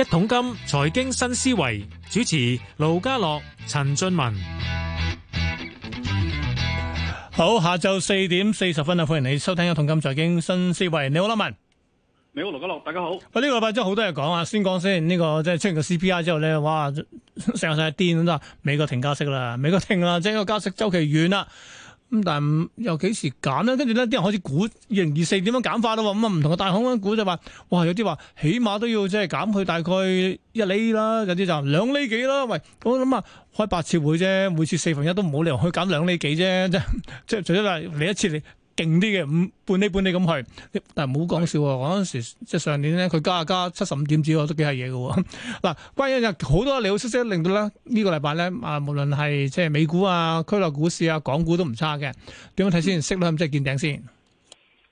一桶金財經新思維主持盧家樂、陳俊文，好，下晝四點四十分啊，歡迎你收聽一桶金財經新思維。你好啦，文，你好盧家樂，大家好。我呢個禮拜真係好多嘢講啊，這個，先講先呢個即係出現個 CPI 之後咧，哇，成日成日癲都話美國停加息啦，美國停啦，即係個加息週期完啦。咁但係又幾時減咧？跟住咧啲人開始估二零二四點樣減法啦、啊。咁啊唔同嘅大行估就話：哇，有啲話起碼都要即係減去大概一厘啦，有啲就兩厘幾啦。喂，我諗啊，開八次會啫，每次四分一都唔好理由去減兩厘幾啫，即係即係除咗你一次。二。勁啲嘅，半你半你咁去，但係唔好講笑喎。嗰陣時即係上年咧，佢加下加七十五點子，我都幾係嘢嘅。嗱，關於好多利好消息，令到咧呢個禮拜咧，啊，無論係即係美股啊、區內股市啊、港股都唔差嘅。點樣睇先？息率係咪即係見頂先？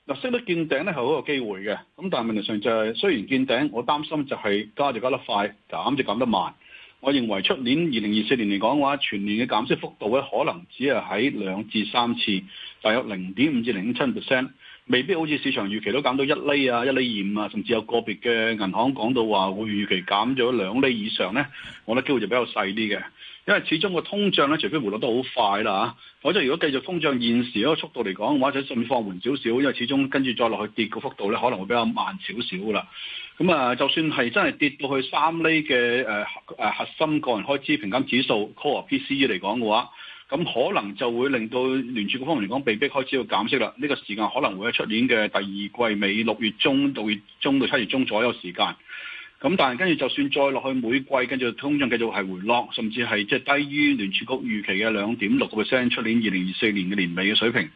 嗱，息率見頂咧係好有機會嘅，咁但係問題上就係、是、雖然見頂，我擔心就係加就加得快，減就減得慢。我認為出年二零二四年嚟講嘅話，全年嘅減息幅度咧，可能只係喺兩至三次，大約零點五至零點七 percent。未必好似市場預期都減到一厘啊，一厘二五啊，甚至有個別嘅銀行講到話會預期減咗兩厘以上咧，我覺得機會就比較細啲嘅，因為始終個通脹咧，除非回落得好快啦嚇、啊，否則如果繼續通脹現時嗰個速度嚟講嘅話，就甚至放緩少少，因為始終跟住再落去跌嗰幅度咧，可能會比較慢少少噶啦。咁啊，就算係真係跌到去三厘嘅誒誒核心個人開支平均指數 core P C E 嚟講嘅話，咁、嗯、可能就會令到聯儲局方面嚟講被迫開始要減息啦。呢、這個時間可能會喺出年嘅第二季尾六月中、六月中到七月中左右時間。咁、嗯、但係跟住就算再落去每季，跟住通脹繼續係回落，甚至係即係低於聯儲局預期嘅兩點六個 percent，出年二零二四年嘅年尾嘅水平。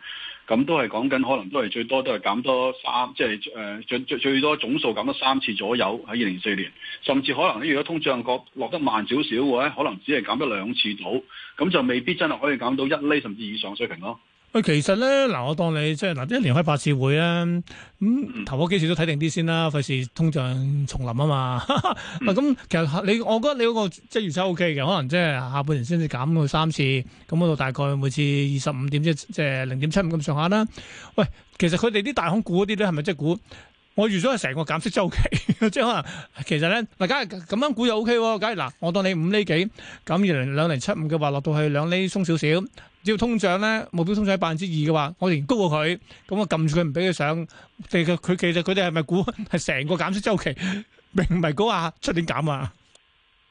咁都係講緊，可能都係最多都係減多三，即係誒、呃、最最最多總數減多三次左右喺二零二四年，甚至可能咧，如果通脹降落得慢少少嘅話，可能只係減咗兩次到，咁就未必真係可以減到一厘甚至以上水平咯。喂，其實咧，嗱，我當你即係嗱，一年開八次會咧，咁、嗯、頭嗰幾次都睇定啲先啦，費事通脹重臨啊嘛。咁、 嗯，其實你，我覺得你嗰、嗰個即係預測 O K 嘅，可能即係下半年先至減到三次，咁度大概每次二十五點即係即係零點七五咁上下啦。喂，其實佢哋啲大空股嗰啲咧，係咪即係估？我預咗係成個減息週期，即係可能其實咧，嗱，假如咁樣估又 O K 喎，假如嗱，我當你五厘幾咁，二零兩零七五嘅話，落到去兩厘鬆少少。只要通脹咧，目標通脹喺百分之二嘅話，我連高過佢，咁我撳住佢唔俾佢上。其實佢其實佢哋係咪估係成個減息週期並唔係估啊？出年減啊？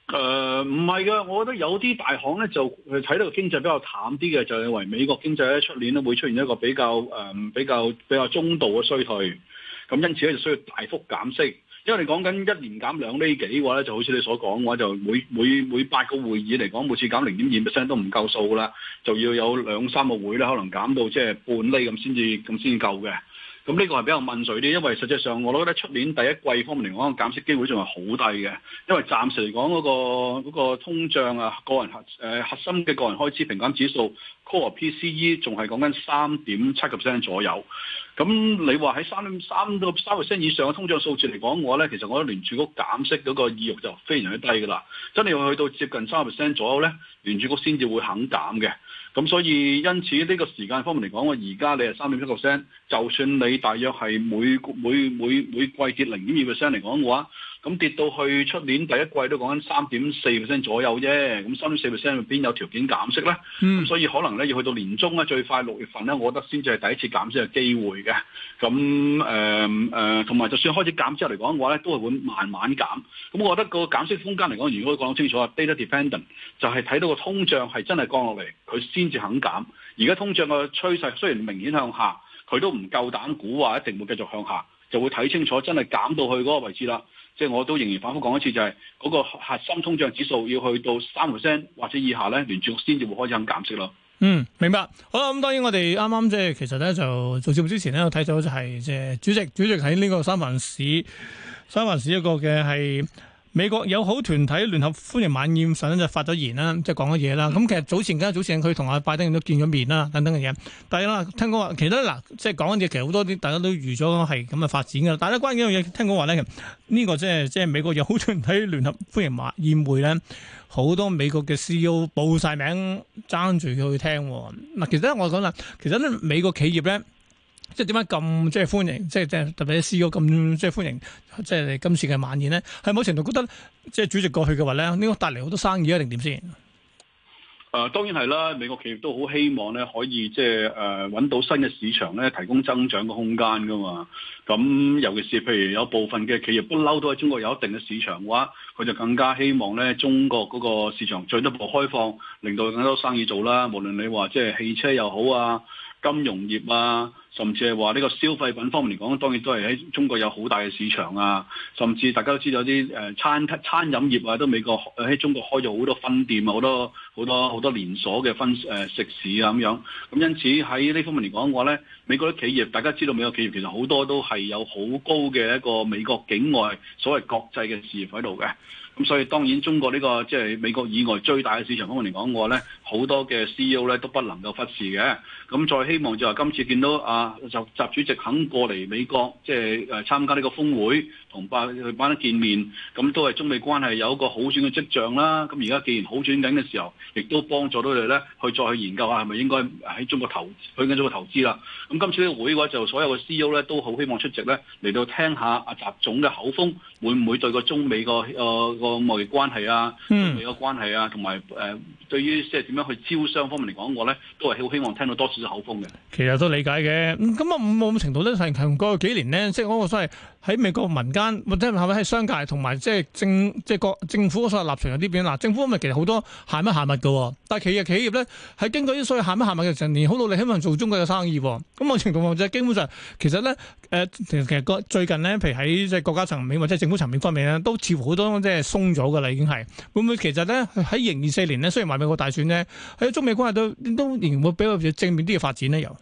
誒、呃，唔係噶，我覺得有啲大行咧就睇到經濟比較淡啲嘅，就認為美國經濟喺出年咧會出現一個比較誒、呃、比較比較中度嘅衰退，咁因此咧就需要大幅減息。因為你講緊一年減兩厘幾嘅話咧，就好似你所講嘅話，就每每每八個會議嚟講，每次減零點二 percent 都唔夠數啦，就要有兩三個會咧，可能減到即係半厘咁先至咁先至夠嘅。咁呢個係比較問水啲，因為實際上我覺得出年第一季方面嚟講，減息機會仲係好低嘅，因為暫時嚟講嗰個通脹啊，個人核誒、呃、核心嘅個人開支平減指數 PCE 仲係講緊三點七個 percent 左右。咁你話喺三點三到三個 percent 以上嘅通脹數字嚟講，我咧其實我覺得聯儲局減息嗰個意欲就非常之低㗎啦。真係要去到接近三個 percent 左右咧，聯儲局先至會肯減嘅。咁所以因此呢個時間方面嚟講，啊，我而家你係三點七個 percent，就算你大約係每每每每季跌零點二個 percent 嚟講嘅話。咁跌到去出年第一季都講緊三點四 percent 左右啫。咁三點四 percent 邊有條件減息咧？咁、嗯、所以可能咧要去到年中咧，最快六月份咧，我覺得先至係第一次減息嘅機會嘅。咁誒誒，同、呃、埋、呃、就算開始減息嚟講嘅話咧，都係會慢慢減。咁我覺得個減息空間嚟講，如果講清楚啊，data dependent 就係睇到個通脹係真係降落嚟，佢先至肯減。而家通脹嘅趨勢雖然明顯向下，佢都唔夠膽估話一定會繼續向下，就會睇清楚真係減到去嗰個位置啦。即係我都仍然反覆講一次，就係、是、嗰個核心通脹指數要去到三 percent 或者以下咧，連續先至會開始肯減息咯。嗯，明白。好啦，咁當然我哋啱啱即係其實咧，就做節目之前咧，我睇到就係即係主席，主席喺呢個三藩市，三藩市一個嘅係美國友好團體聯合歡迎晚宴上就發咗言啦，即係講咗嘢啦。咁其實早前，梗係早前佢同阿拜登都見咗面啦，等等嘅嘢。但係啦，聽講話，其實咧嗱，即係講緊嘢，其實好多啲大家都預咗係咁嘅發展噶。但係咧，關於呢樣嘢，聽講話咧，呢、這個、就是、即係即係美國友好團體聯合歡迎晚宴會咧，好多美國嘅 CEO 報晒名爭住佢去聽。嗱，其實咧，我講啦，其實咧，美國企業咧。即係點解咁即係歡迎，即係即係特別喺 CEO 咁即係歡迎，即係今次嘅晚宴咧。喺某程度覺得即係主席過去嘅話咧，呢個帶嚟好多生意啊，定點先？誒、呃、當然係啦，美國企業都好希望咧，可以即係誒揾到新嘅市場咧，提供增長嘅空間噶嘛。咁尤其是譬如有部分嘅企業不嬲都喺中國有一定嘅市場嘅話，佢就更加希望咧，中國嗰個市場進一步開放，令到更多生意做啦。無論你話即係汽車又好啊，金融業啊。甚至係話呢個消費品方面嚟講，當然都係喺中國有好大嘅市場啊！甚至大家都知道啲誒餐餐飲業啊，都美國喺中國開咗好多分店多多多分、呃、啊，好多好多好多連鎖嘅分誒食肆啊咁樣。咁因此喺呢方面嚟講嘅話咧，美國啲企業，大家知道美國企業其實好多都係有好高嘅一個美國境外所謂國際嘅事業喺度嘅。咁所以當然中國呢、這個即係、就是、美國以外最大嘅市場方面嚟講嘅話咧，好多嘅 CEO 咧都不能夠忽視嘅。咁再希望就話今次見到啊！就習主席肯過嚟美國，即係誒參加呢個峰會，同白班一見面，咁都係中美關係有一個好轉嘅跡象啦。咁而家既然好轉緊嘅時候，亦都幫助到你哋咧，去再去研究下係咪應該喺中國投去緊中國投資啦。咁今次呢個會嘅話，就所有嘅 C E O 咧都好希望出席咧，嚟到聽下阿習總嘅口風，會唔會對個中美個誒個貿易關係啊、中美嘅關係啊，同埋誒對於即係點樣去招商方面嚟講，我咧都係好希望聽到多少嘅口風嘅。其實都理解嘅。咁啊，五冇五程度咧，同同過去幾年咧，即係嗰個所謂喺美國民間或者係喺商界，同埋即係政即係國政府嗰個立場有啲變。嗱，政府今日其實好多限乜限物噶，但係企業企業咧，喺經過啲所謂限乜限物嘅成年好努力希望做中國嘅生意。咁啊，程度就係基本上，其實咧，誒、呃，其實個最近咧，譬如喺即係國家層面或者政府層面方面咧，都似乎好多即係鬆咗噶啦，已經係會唔會其實咧喺二零二四年咧，雖然話美國大選咧，喺中美關係都都仍然會比較正面啲嘅發展咧，又？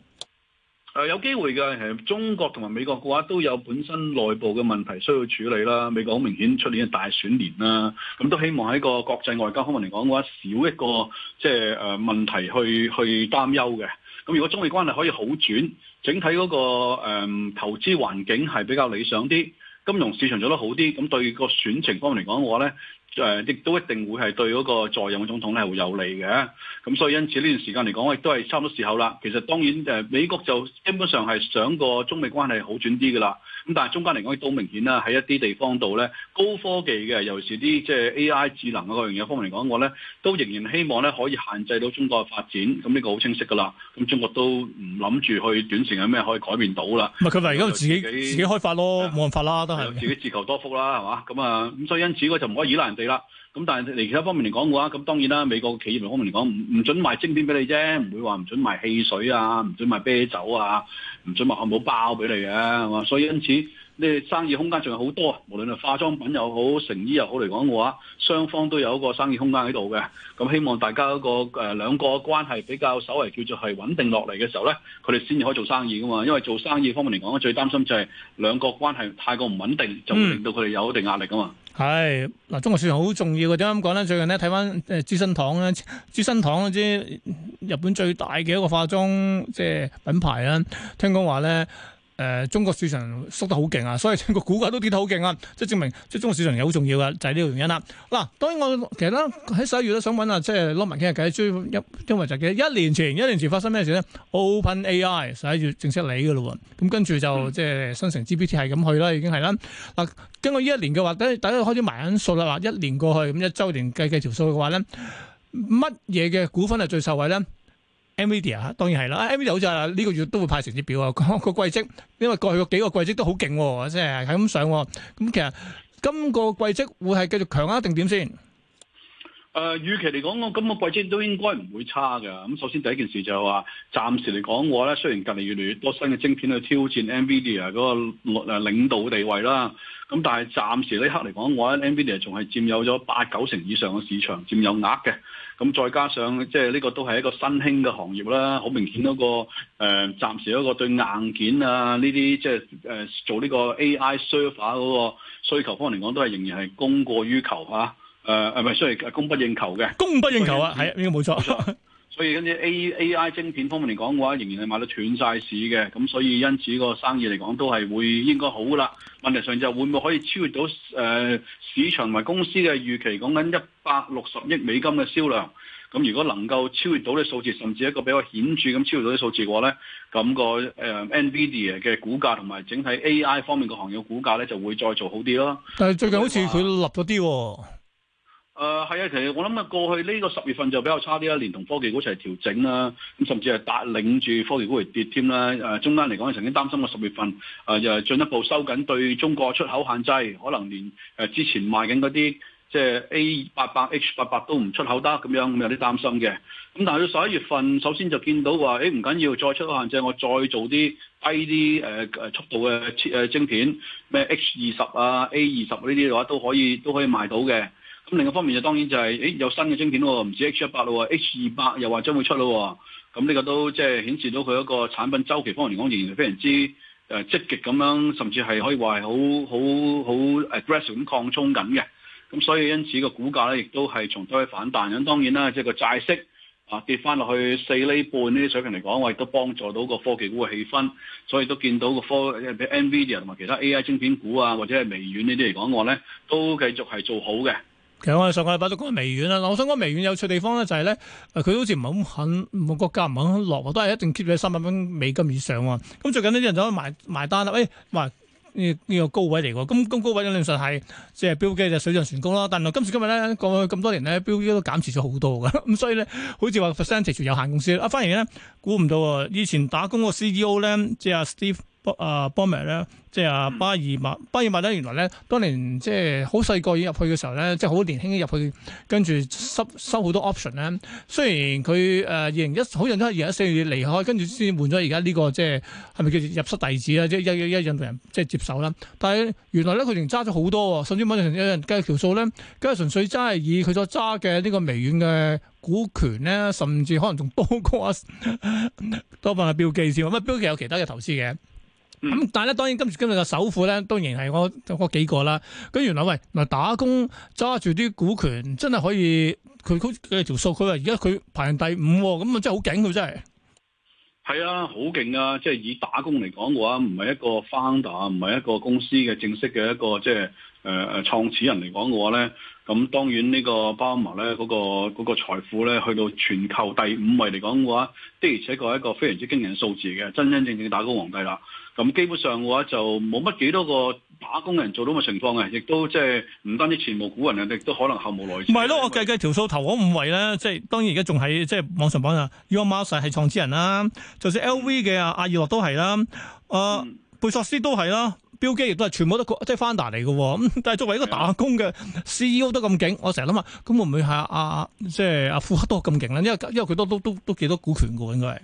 呃、有機會嘅，其實中國同埋美國嘅話都有本身內部嘅問題需要處理啦。美國好明顯出年係大選年啦，咁都希望喺個國際外交方面嚟講嘅話，少一個即係誒問題去去擔憂嘅。咁如果中美關係可以好轉，整體嗰、個、呃、投資環境係比較理想啲，金融市場做得好啲，咁對個選情方面嚟講嘅話咧。誒，亦都一定會係對嗰個在任嘅總統咧係會有利嘅。咁所以因此呢段時間嚟講，亦都係差唔多時候啦。其實當然誒，美國就基本上係想個中美關係好轉啲嘅啦。咁但係中間嚟講，亦都明顯啦，喺一啲地方度咧，高科技嘅，尤其是啲即係 AI 智能嗰樣嘢方面嚟講，我咧都仍然希望咧可以限制到中國嘅發展。咁呢個好清晰㗎啦。咁中國都唔諗住去短時間咩可以改變到啦。咪佢咪而家自己自己，自己開發咯，冇的辦法啦，都係自己自求多福啦，係嘛？咁啊，咁所以因此我就唔可以依賴啦，咁但係嚟其他方面嚟講嘅話，咁當然啦，美國企業方面嚟講，唔唔準賣晶片俾你啫，唔會話唔准賣汽水啊，唔准賣啤酒啊，唔准賣漢堡包俾你嘅，係嘛，所以因此。生意空間仲有好多，無論係化妝品又好、成衣又好嚟講嘅話，雙方都有一個生意空間喺度嘅。咁希望大家一個誒、呃、兩個關係比較稍為叫做係穩定落嚟嘅時候咧，佢哋先至可以做生意噶嘛。因為做生意方面嚟講咧，最擔心就係兩個關係太過唔穩定，就令到佢哋有一定壓力噶嘛。係嗱、嗯，中國算好重要嘅，點解咁講咧？最近咧睇翻誒資生堂咧，資生堂啲日本最大嘅一個化妝即係品牌啦，聽講話咧。誒、呃、中國市場縮得好勁啊，所以整個股價都跌得好勁啊，即係證明即係中國市場又好重要噶，就係、是、呢個原因啦、啊。嗱、啊，當然我其實咧喺十一月都想問啊，即係攞埋傾下偈，追因為就記得一年前，一年前發生咩事咧？OpenAI 十一月正式嚟噶啦喎，咁、嗯、跟住就即係新城 GPT 係咁去啦，已經係啦。嗱、啊，經過呢一年嘅話，大家佢開始埋緊數啦，嗱，一年過去，咁一週一年計,計計條數嘅話咧，乜嘢嘅股份係最受惠咧？NVIDIA 當然係啦。NVIDIA 好似話呢個月都會派成績表啊，個季績，因為過去幾個季績都好勁喎，即係係咁上、啊。咁其實今個季績會係繼續強啊，定點先？誒預期嚟講，我今個季節都應該唔會差嘅。咁首先第一件事就係、是、話，暫時嚟講我咧，雖然近嚟越嚟越多新嘅晶片去挑戰 Nvidia 嗰個領領導地位啦。咁但係暫時呢刻嚟講，我喺 Nvidia 仲係佔有咗八九成以上嘅市場佔有額嘅。咁再加上即係呢、這個都係一個新興嘅行業啦。好明顯嗰個誒、呃、暫時嗰個對硬件啊呢啲即係誒、呃、做呢個 AI server 嗰個需求方嚟講，都係仍然係供過於求啊！誒，係咪雖然供不應求嘅？供不應求啊，係、嗯、對應該冇錯。所以跟住 A A I 晶片方面嚟講嘅話，仍然係賣到斷晒市嘅。咁所以因此個生意嚟講，都係會應該好噶啦。問題上就係會唔會可以超越到誒、呃、市場同埋公司嘅預期，講緊一百六十億美金嘅銷量。咁如果能夠超越到啲數字，甚至一個比較顯著咁超越到啲數字嘅話咧，咁、那個誒、呃、NVIDIA 嘅股價同埋整體 A I 方面嘅行業股價咧，就會再做好啲咯。但係最近好似佢立咗啲。誒係啊，其實我諗啊，過去呢個十月份就比較差啲啦，連同科技股一齊調整啦，咁甚至係帶領住科技股嚟跌添啦。誒、呃、中間嚟講，曾經擔心過十月份誒又、呃、進一步收緊對中國出口限制，可能連誒、呃、之前賣緊嗰啲即係 A 八百、H 八百都唔出口得咁樣，咁有啲擔心嘅。咁但係到十一月份，首先就見到話，誒唔緊要，再出口限制，我再做啲低啲誒誒速度嘅誒晶片，咩 H 二十啊、A 二十呢啲嘅話都可以都可以賣到嘅。咁另一方面就當然就係、是，誒有新嘅晶片喎，唔止 H 一百嘞，H 二百又話將會出嘞。咁呢個都即係顯示到佢一個產品周期方面嚟講，仍然係非常之誒積極咁樣，甚至係可以話係好好好 aggressive 咁擴充緊嘅。咁所以因此個股價咧，亦都係從低位反彈緊。當然啦，即、就、係、是、個債息啊跌翻落去四厘半呢啲水平嚟講，我亦都幫助到個科技股嘅氣氛。所以都見到個科，NVIDIA 同埋其他 AI 晶片股啊，或者係微軟呢啲嚟講，我咧都繼續係做好嘅。其實我哋上個禮拜都講微軟啦，我想講微軟有趣地方咧就係、是、咧，佢好似唔係咁肯，冇個價唔肯落，都係一定 keep 喺三百蚊美金以上咁、嗯、最近咧啲人就開埋埋單啦，誒、哎，話呢呢個高位嚟嘅，咁、嗯、高位理論上係即係標機就，是、就水漲船高啦。但係今時今日咧，過去咁多年咧，標機都減持咗好多嘅，咁、嗯、所以咧好似話 percentage 有限公司啊，反而咧估唔到，以前打工個 C E O 咧即係阿 Steve。波啊 Bomber 咧，即係啊，巴爾默，巴爾默咧，原來咧，當年即係好細個已入去嘅時候咧，即係好年輕入去，跟住收收好多 option 咧。雖然佢誒二零一，呃、2011，好似都係二零一四年離開，跟住先換咗而家呢個即係係咪叫做入室弟子啊？即係一一,一，印度人即係接手啦。但係原來咧，佢仲揸咗好多，甚至有有人計條數咧，梗係純粹真係以佢所揸嘅呢個微軟嘅股權咧，甚至可能仲多過、啊、 多份嘅標記先。乜標記有其他嘅投資嘅？咁、嗯、但係咧，當然今時今日嘅首富咧，當然係我嗰幾個啦。咁原來喂，嗱打工揸住啲股權，真係可以佢嗰條數。佢話而家佢排行第五，哦，咁啊真係好勁佢真係。係啊，好勁啊！即、就、係、是、以打工嚟講嘅話，唔係一個 founder，唔係一個公司嘅正式嘅一個即係誒誒創始人嚟講嘅話咧。咁當然呢個巴爾默咧，嗰個嗰個財富咧，去到全球第五位嚟講嘅話，的而且確係一個非常之驚人嘅數字嘅，真真正正，正打工皇帝啦。咁基本上嘅話就冇乜幾多個打工人做到嘅情況嘅，亦都即係唔單止前無古人啊，亦都可能後無來者。唔係咯，我計計條數頭嗰五位咧，即係當然而家仲喺即係網上講啊，Yumers 係創始人啦，就算 LV 嘅阿阿爾諾都係啦，啊、呃。嗯貝索斯都係啦，標機亦都係，全部都即係翻大嚟嘅。咁但係作為一個打工嘅 CEO 都咁勁，我成日諗啊，咁會唔會係阿即係阿庫克多咁勁咧？因為因為佢都都都都幾多股權嘅應該係。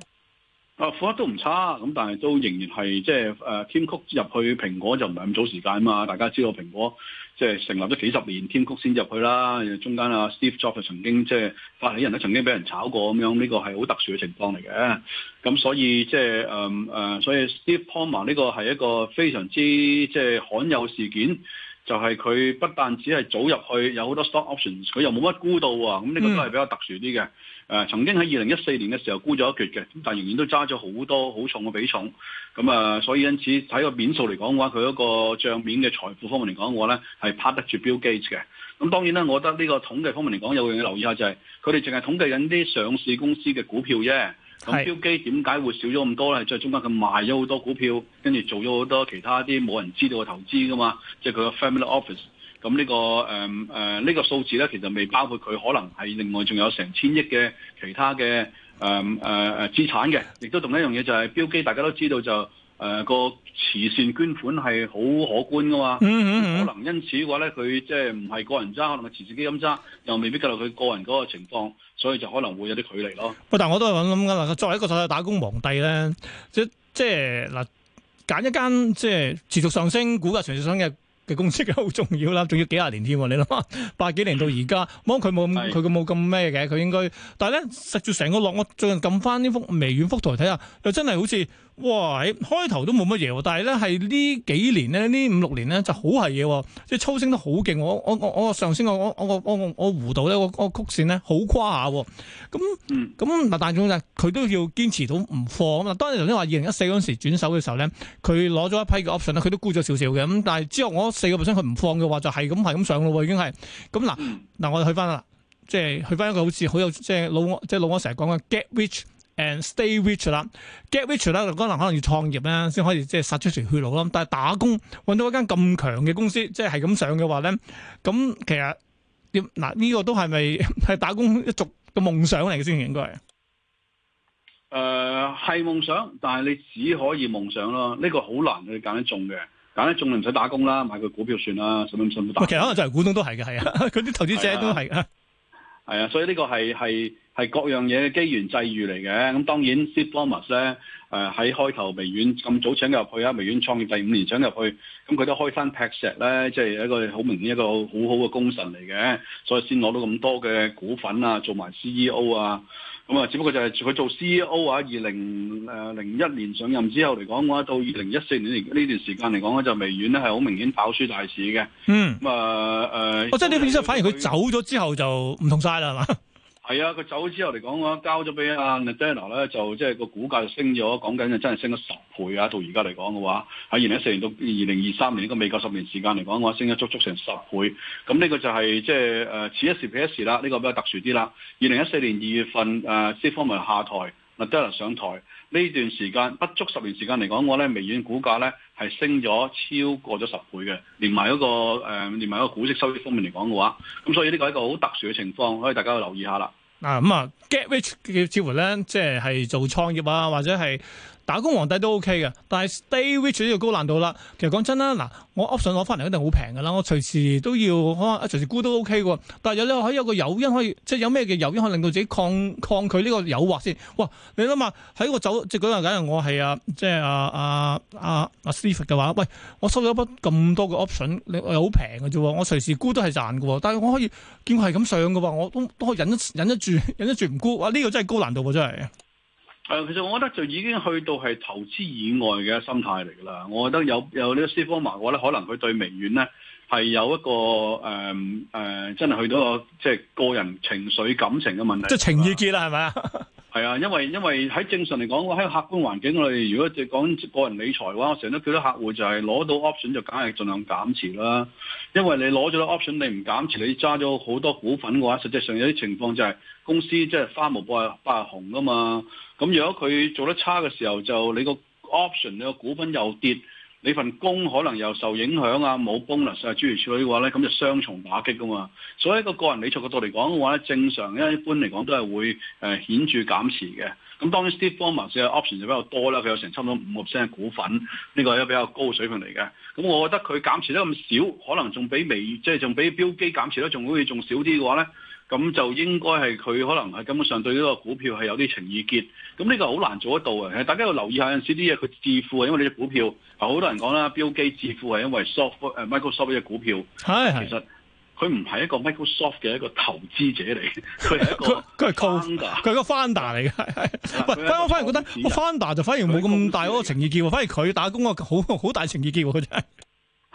啊，富壹都唔差，咁、嗯、但係都仍然係即係誒添曲入去蘋果就唔係咁早時間啊嘛，大家知道蘋果即係、就是、成立咗幾十年添曲先入去啦，中間啊 Steve Jobs 曾經即係發起人都曾經俾人炒過咁樣，呢個係好特殊嘅情況嚟嘅。咁、嗯、所以即係誒誒，所以 Steve Ballmer 呢個係一個非常之即係、就是、罕有事件，就係、是、佢不但只係早入去，有好多 stock options，佢又冇乜沽到啊，咁呢個都係比較特殊啲嘅。嗯誒曾經喺二零一四年嘅時候沽咗一撅嘅，咁但係仍然都揸咗好多好重嘅比重，咁、嗯、啊，所以因此睇個面數嚟講嘅話，佢嗰個賬面嘅財富方面嚟講嘅話咧，係拍得住 Bill Gates 嘅。咁、嗯、當然啦，我覺得呢個統計方面嚟講，有樣嘢留意下就係、是，佢哋淨係統計緊啲上市公司嘅股票啫。咁 Bill Gates 點解會少咗咁多咧？係、就、在、是、中間佢賣咗好多股票，跟住做咗好多其他啲冇人知道嘅投資噶嘛，即、就、係、是、佢嘅 Family Office。咁、這個嗯呃這個、呢個誒誒呢個數字咧，其實未包括佢可能係另外仲有成千億嘅其他嘅誒誒誒資產嘅，亦都仲一樣嘢就係標記，大家都知道就誒個、呃、慈善捐款係好可觀噶嘛，嗯嗯嗯、可能因此嘅話咧，佢即係唔係個人揸，可能係慈善基金揸，又未必計到佢個人嗰個情況，所以就可能會有啲距離咯。喂，但我都係諗諗㗎，作為一個在打工皇帝咧，即即係嗱，揀一間即係持續上升、股價持續上升嘅。嘅公式好重要啦，仲要幾廿年添，你諗下，八幾年到而家，冇佢冇佢冇咁咩嘅，佢是應該，但係咧食住成個落，我最近撳翻呢幅微軟幅圖嚟睇下，又真係好似。哇！喺開頭都冇乜嘢喎，但係咧係呢幾年咧，呢五六年咧就好係嘢，即係抽升得好勁。我我我我上升個我我我我弧度咧，我曲線咧好誇下。咁咁嗱，但總之佢都要堅持到唔放咁啊。當然頭先話二零一四嗰陣時轉手嘅時候咧，佢攞咗一批嘅 option，佢都沽咗少少嘅。咁但係之後我四個 percent 佢唔放嘅話，就係咁係咁上咯喎，已經係咁嗱。嗱，我哋去翻啦，即係去翻一個好似好有即係、就是、老即係、就是、老翁成日講嘅 get rich And stay rich 啦，get rich 啦，就可能可能要創業啦，先可以即係殺出條血路咯。但係打工搵到一間咁強嘅公司，即係係咁上嘅話咧，咁其實點嗱呢個都係咪係打工一族嘅夢想嚟嘅先應該？誒、呃，係夢想，但係你只可以夢想咯。呢、這個好難去揀得中嘅，揀得中你唔使打工啦，買個股票算啦，使唔使唔使唔打，其實可能就係股東都係嘅，係啊，嗰 啲投資者都係啊，係啊，所以呢個係係。係各樣嘢嘅機緣際遇嚟嘅，咁當然 Steve Ballmer 咧，誒、呃、喺開頭微軟咁早請入去啊，微軟創業第五年請入去，咁、嗯、佢都開山劈石咧，即、就、係、是、一個好明顯一個好好嘅功臣嚟嘅，所以先攞到咁多嘅股份啊，做埋 CEO 啊，咁、嗯、啊，只不過就係佢做 CEO 啊，二零誒零一年上任之後嚟講嘅話，到二零一四年呢段時間嚟講咧，就微軟咧係好明顯跑輸大市嘅。嗯，咁啊誒，即係呢個意思，反而佢走咗之後就唔同晒啦，係嘛？係啊，佢走咗之後嚟講嘅話，交咗俾阿 Nadella 咧，就即係個股價就升咗，講緊就真係升咗十倍啊！到而家嚟講嘅話，喺二零一四年到二零二三年呢個未夠十年時間嚟講嘅話，升咗足足成十倍。咁呢個就係即係誒，此、就是呃、一時彼一時啦。呢、這個比較特殊啲啦。二零一四年二月份誒，Steve Ballmer 下台。嗱，得能上台呢段時間不足十年時間嚟講，我咧微軟股價咧係升咗超過咗十倍嘅，連埋嗰個誒，連埋嗰個股息收益方面嚟講嘅話，咁所以呢個係一個好特殊嘅情況，可以大家去留意下啦。嗱，咁啊，get rich 嘅似乎咧，即係係做創業啊，或者係。打工皇帝都 OK 嘅，但係 stay rich 呢個高難度啦。其實講真啦，嗱，我 option 攞翻嚟一定好平噶啦，我隨時都要可能隨時沽都 OK 嘅喎。但係有你喺一個誘因可以，即係有咩嘅誘因可以令到自己抗抗拒呢個誘惑先。哇！你諗下喺個走即係嗰陣，假如我係啊即係啊啊啊 Steve 嘅話，喂，我收咗筆咁多嘅 option，你好平嘅啫，我隨時沽都係賺嘅。但係我可以見佢係咁上嘅喎，我都都可以忍忍得住，忍得住唔沽？哇！呢個真係高難度喎，真係。誒，其實我覺得就已經去到係投資以外嘅心態嚟噶啦。我覺得有有呢個 Steve Ballmer 嘅話咧，可能佢對微軟咧係有一個誒誒、嗯嗯，真係去到一個即係、就是、個人情緒感情嘅問題，即係情意結啦，係咪啊？係啊，因為因為喺正常嚟講，喺客觀環境裏，如果就講個人理財嘅話，我成日都叫啲客戶就係攞到 option 就梗係盡量減持啦。因為你攞咗個 option，你唔減持，你揸咗好多股份嘅話，實際上有啲情況就係公司即係花無百百日紅啊嘛。咁如果佢做得差嘅時候，就你個 option 你個股份又跌，你份工可能又受影響啊，冇 bonus 啊，諸如此類嘅話咧，咁就雙重打擊噶嘛。所以一個個人理財角度嚟講嘅話咧，正常咧一般嚟講都係會誒顯著減持嘅。咁當然，Steve Ballmer 嘅 option 就比較多啦，佢有成差唔多五個 percent 嘅股份，呢、這個係一個比較高水平嚟嘅。咁我覺得佢減持得咁少，可能仲比微，即係仲比標基減持得仲好似仲少啲嘅話咧。咁就應該係佢可能係根本上對呢個股票係有啲情意結，咁呢個好難做得到啊！大家要留意下有陣時啲嘢，佢致富啊，因為呢隻股票，好多人講啦，Bill Gates 致富係因為 Soft 誒 Microsoft 嘅股票，係其實佢唔係一個 Microsoft 嘅一個投資者嚟，佢一佢佢係 co 佢係個 founder 嚟嘅， 喂，er, 我反而覺得我 founder 就反而冇咁大嗰個情意結喎，反而佢打工啊，好好大情意結喎佢真係。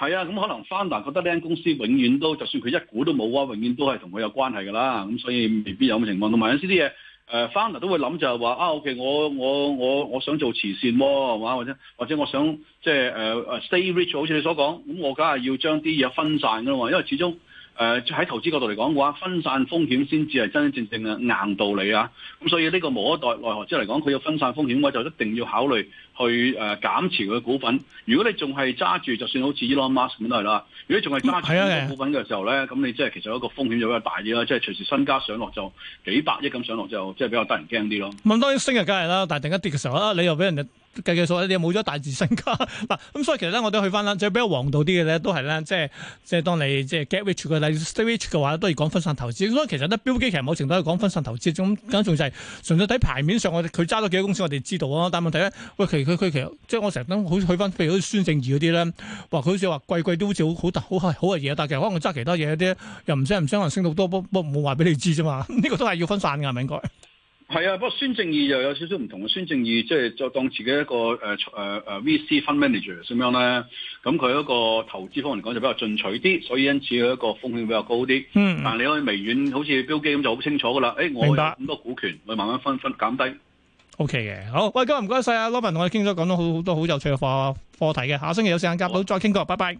係啊，咁可能翻 u n 覺得呢間公司永遠都，就算佢一股都冇啊，永遠都係同佢有關係㗎啦。咁所以未必有咁嘅情況。同埋有時啲嘢，誒、呃、f u、er、都會諗就係、是、話啊，OK，我我我我想做慈善喎，嘛？或者或者我想即係誒誒 stay rich，好似你所講，咁我梗係要將啲嘢分散㗎喎。因為始終誒喺、呃、投資角度嚟講嘅話，分散風險先至係真真正正嘅硬道理啊。咁所以呢個無可代奈何即之嚟講，佢要分散風險嘅話，就一定要考慮。去誒減持佢股份，如果你仲係揸住，就算好似 Elon Musk 咁都係啦。如果仲係揸住呢啲股份嘅時候咧，咁的你即係其實一個風險就比較大啲咯，即係隨時身家上落就幾百億咁上落就即係比較得人驚啲咯。咁當然升日梗係啦，但係突然間跌嘅時候咧，你又俾人計計數，你又冇咗大字身家。嗱、 啊，咁所以其實咧，我都去翻啦，就係比較黃道啲嘅咧，都係咧，即係即係當你即係 get rich 嘅，例如 stay rich 嘅話，都係講分散投資。咁所以其實咧，Ballmer 其實某程度係講分散投資。咁更加重要係純粹睇牌面上，佢揸咗幾多公司，我哋知道啊。但係問題咧，佢其實即係我成日都好去翻，譬如好似孫正義嗰啲咧，話佢好似話貴貴都好似好好好係好嘅嘢，但係其實可能我揸其他嘢啲又唔升唔升，升到好多，冇冇話俾你知啫嘛？呢、這個都係要分散噶，係咪應該係啊。不過孫正義又有少少唔同，孫正義即、就、係、是、就當自己一個誒誒誒 VC Fund Manager 咁樣咧。咁佢嗰個投資方嚟講就比較進取啲，所以因此佢一個風險比較高啲。嗯、但你可以微軟好似 Bill Gates 咁就好清楚噶啦。誒、哎，我有咁多股權，我慢慢分分，分減低。O.K. 嘅，好，喂，今日唔該曬啊，Robin 同我哋傾咗好好多好有趣嘅課課題嘅，下星期有時間夾，好哇再傾過，拜拜。